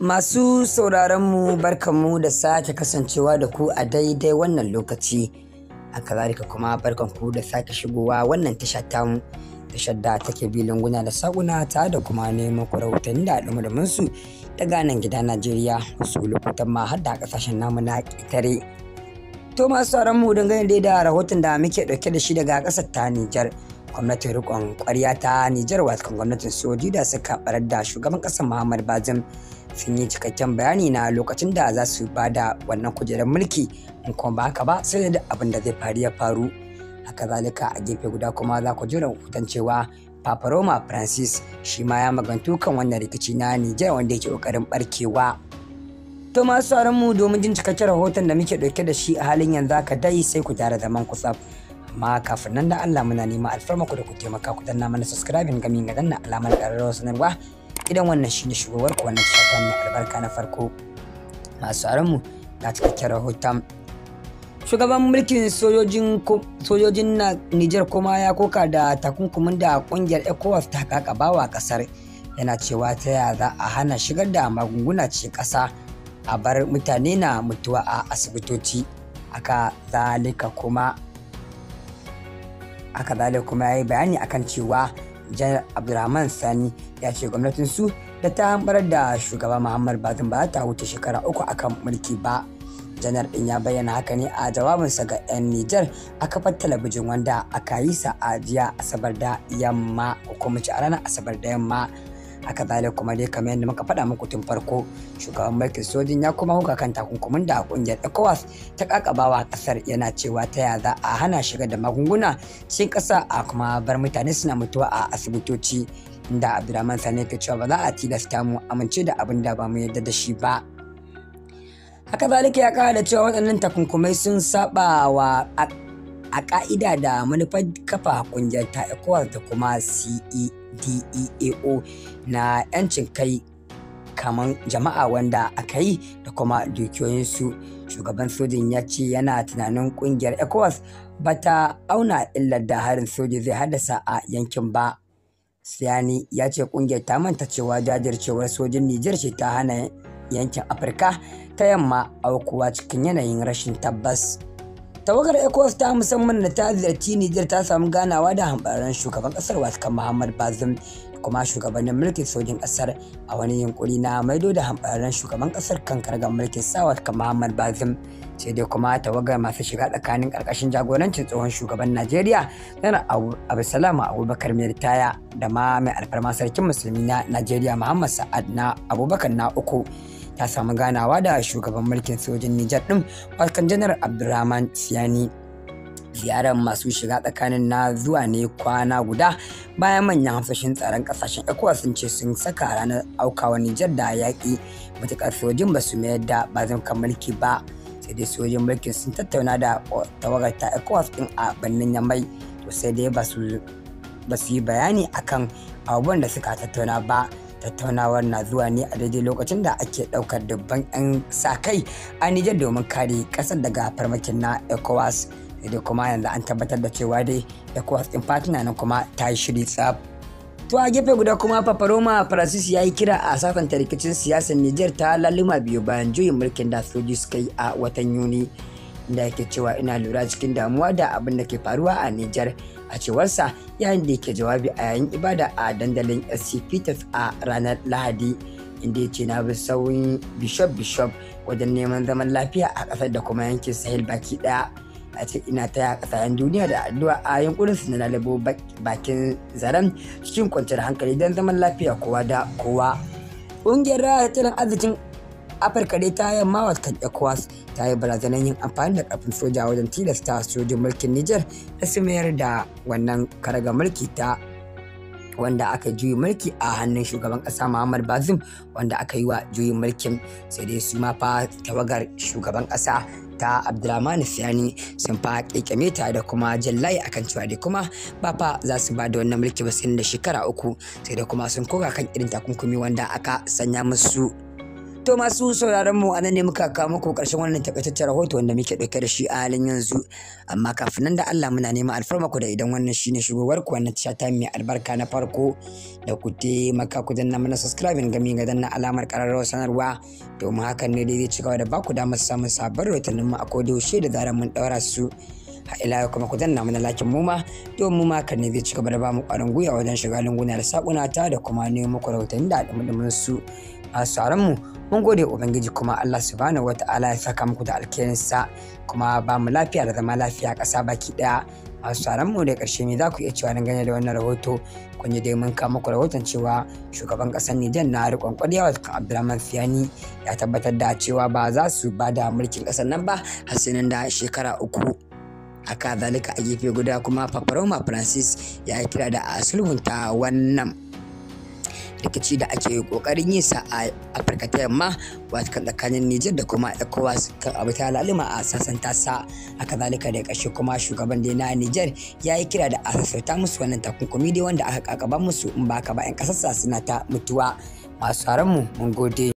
Masu sauraronmu barkanmu da sake kasancewa da ku a daidai wannan lokaci, a kazalika kuma barkanku da sake shigowa wannan tasha tamu, tashar da take bilin guna da saguna ta da kuma neman kurautanni da al'ummarminsu daga nan gida Najeriya wasu lokutan ma har da kasashen namu na ƙetare. To masu sauraronmu daidai da rahoton da muke ɗauke da shi daga ƙasar ta Nijar. gwamnatin rikon ƙwarya ta Nijar kan gwamnatin soji da suka barar da shugaban ƙasar Muhammadu, Bazin. sun yi cikakken bayani na lokacin da za su ba da wannan kujerar mulki in kuma ba haka ba sai da abin da zai faru ya faru haka zalika a gefe guda kuma za ku jira rahoton cewa Papa Roma Francis shi ma ya magantu kan wannan rikici na Nijar wanda yake kokarin barkewa. To masu sauran mu domin jin cikakken rahoton da muke dauke da shi a halin yanzu haka dai sai ku tara zaman kusa. Amma kafin nan da Allah muna nema alfarma ku da ku taimaka ku danna mana subscribing gami ga danna alamar ƙararrawar sanarwa idan wannan shine shugabar ku wannan shafi mai albarka na farko masu mu na cikakken rahoton shugaban mulkin sojojin na niger kuma ya koka da takunkumin da kungiyar ecowas ta kakabawa kasar yana cewa ta yaya za a hana shigar da magunguna cikin kasa a bar mutane na mutuwa a asibitoci aka zalika kuma aka zalika kuma ya yi bayani akan cewa janar abdulrahman sani ya ce gwamnatin su da ta hambar da shugaba muhammad bazin ba ta wuce shekara uku a kan mulki ba janar din ya bayyana haka ne a jawabinsa ga 'yan nijar a kafar talabijin wanda aka yi sa asabar da yamma ko kuma a ranar asabar da yamma haka zalika kuma dai kamar yadda muka faɗa muku tun farko shugaban mulkin sojin ya kuma huka kan takunkumin da kungiyar ecowas ta kakabawa kasar yana cewa ta ya za a hana shiga da magunguna cikin ƙasa a kuma bar mutane suna mutuwa a asibitoci da abdulrahman sani ke cewa ba za a tilasta mu amince da abin da ba mu yarda da shi ba haka zalika ya kara da cewa waɗannan takunkumai sun saba wa a ƙa'ida da manufar kafa ƙungiyar ta ecowas da kuma ce deao na 'yancin kai kaman jama'a wanda aka yi da kuma dukiyoyinsu shugaban sojin ya ce yana tunanin ƙungiyar ecowas ba ta auna illar da harin soji zai haddasa a yankin ba siyani ya ce kungiyar ta manta cewa jajircewar sojin nijar ce ta hana yankin afirka ta yamma aukuwa cikin yanayin rashin tabbas tawagar ecowas ta musamman na ta ziyarci nijar ta samu ganawa da hambararren shugaban kasar wasu muhammad bazum kuma shugabannin mulkin sojin kasar a wani yunkuri na maido da hambararren shugaban kasar kan kargar mulkin sawa kan muhammad bazum sai dai kuma tawagar masu shiga tsakanin karkashin jagorancin tsohon shugaban najeriya yana abusalama abubakar mai ritaya da ma mai alfarma sarkin musulmi na najeriya muhammad sa'ad na abubakar na uku ta samu ganawa da shugaban mulkin sojin Nijar ɗin Wakan Janar Abdulrahman Siyani. ziyarar masu shiga tsakanin na zuwa ne kwana guda bayan manyan hamsashin tsaron kasashen ecowas sun ce sun saka ranar aukawa nijar da yaƙi matuƙar sojin ba su mayar da bazamkan mulki ba sai dai sojin mulkin sun tattauna da tawagar ta ecowas din a birnin yamai to sai dai ba su yi bayani akan abubuwan da suka tattauna ba tattaunawar na zuwa ne a daidai lokacin da ake ɗaukar dubban 'yan sa-kai a nijar domin kare ƙasar daga farmakin na ecowas da kuma yanzu an tabbatar da cewa dai ecowas ɗin fatina nan kuma ta yi shiri tsab. To a gefe guda kuma Paparoma Francis ya yi kira a safanta rikicin siyasar Nijar ta laluma biyu bayan juyin mulkin da soji suka yi a watan Yuni. inda yake cewa ina lura cikin damuwa da abin da ke faruwa a Nijar a cewarsa yayin da yake jawabi a yayin ibada a dandalin SCPTF a ranar Lahadi inda ya ce na bi sauyin bishop bishop wajen neman zaman lafiya a kasar da kuma yankin sahel baki daya a ce ina taya ƙasashen duniya da addu'a a yankunan su na lalabo bakin zaren cikin kwanciyar hankali don zaman lafiya kowa da kowa ƙungiyar tattalin arzikin afirka dai ta yamma watan ecowas ta yi barazanar yin amfani da karfin soja wajen tilasta sojin mulkin Nijar da su mayar da wannan karaga mulki ta wanda aka juyi mulki a hannun shugaban kasa Muhammad Bazum wanda aka yi wa juyin mulkin sai dai su ma fa tawagar shugaban kasa ta Abdulrahman Sani sun fa kekeme ta da kuma jallaye akan cewa dai kuma ba fa za su ba da wannan mulki ba sun da shekara uku sai da kuma sun koga kan irin takunkumi wanda aka sanya musu To masu sauraron mu anan ne muka kawo muku karshen wannan takaitaccen rahoto wanda muke dauke da shi a halin yanzu. Amma kafin nan da Allah muna nema alfarma ku da idan wannan shine shigowar ku wannan tasha ta mai albarka na farko da ku taimaka ku danna mana ga gami ga danna alamar ƙararrawar sanarwa domin hakan ne dai zai da ba ku damar samun sabbin rahotannin mu a kodayaushe da zarar mun daura su. a ila kuma ku danna mana lakin mu ma to mu ma kan ne zai cigaba da ba mu ƙwarin gwiwa wajen shiga lunguna da sakuna ta da kuma nemo ku rahotanni da al'amuran su a mu mun gode ubangiji kuma Allah subhanahu wata'ala ya saka muku da alkhairinsa kuma ba mu lafiya da zama lafiya ƙasa baki ɗaya masu da ƙarshe ne za ku iya cewa dangane da wannan rahoto kun yi dai mun kawo muku rahoton cewa shugaban ƙasar Nijar na riƙon ƙwarya kan Abdulrahman Fiyani ya tabbatar da cewa ba za su ba da mulkin ƙasar nan ba har sai da shekara uku haka zalika a gefe guda kuma Paparoma Francis ya kira da a sulhunta wannan rikici da ake kokarin yin sa a afirka ta yamma wato kan tsakanin nijar da kuma ecowas kan abu ta lalima a tasa, a haka zalika da kashe kuma shugaban da na nijar ya yi kira da a sassauta musu wannan takunkumi dai wanda aka kakaba musu in ba ka ba 'yan kasarsa suna ta mutuwa masu mu mun gode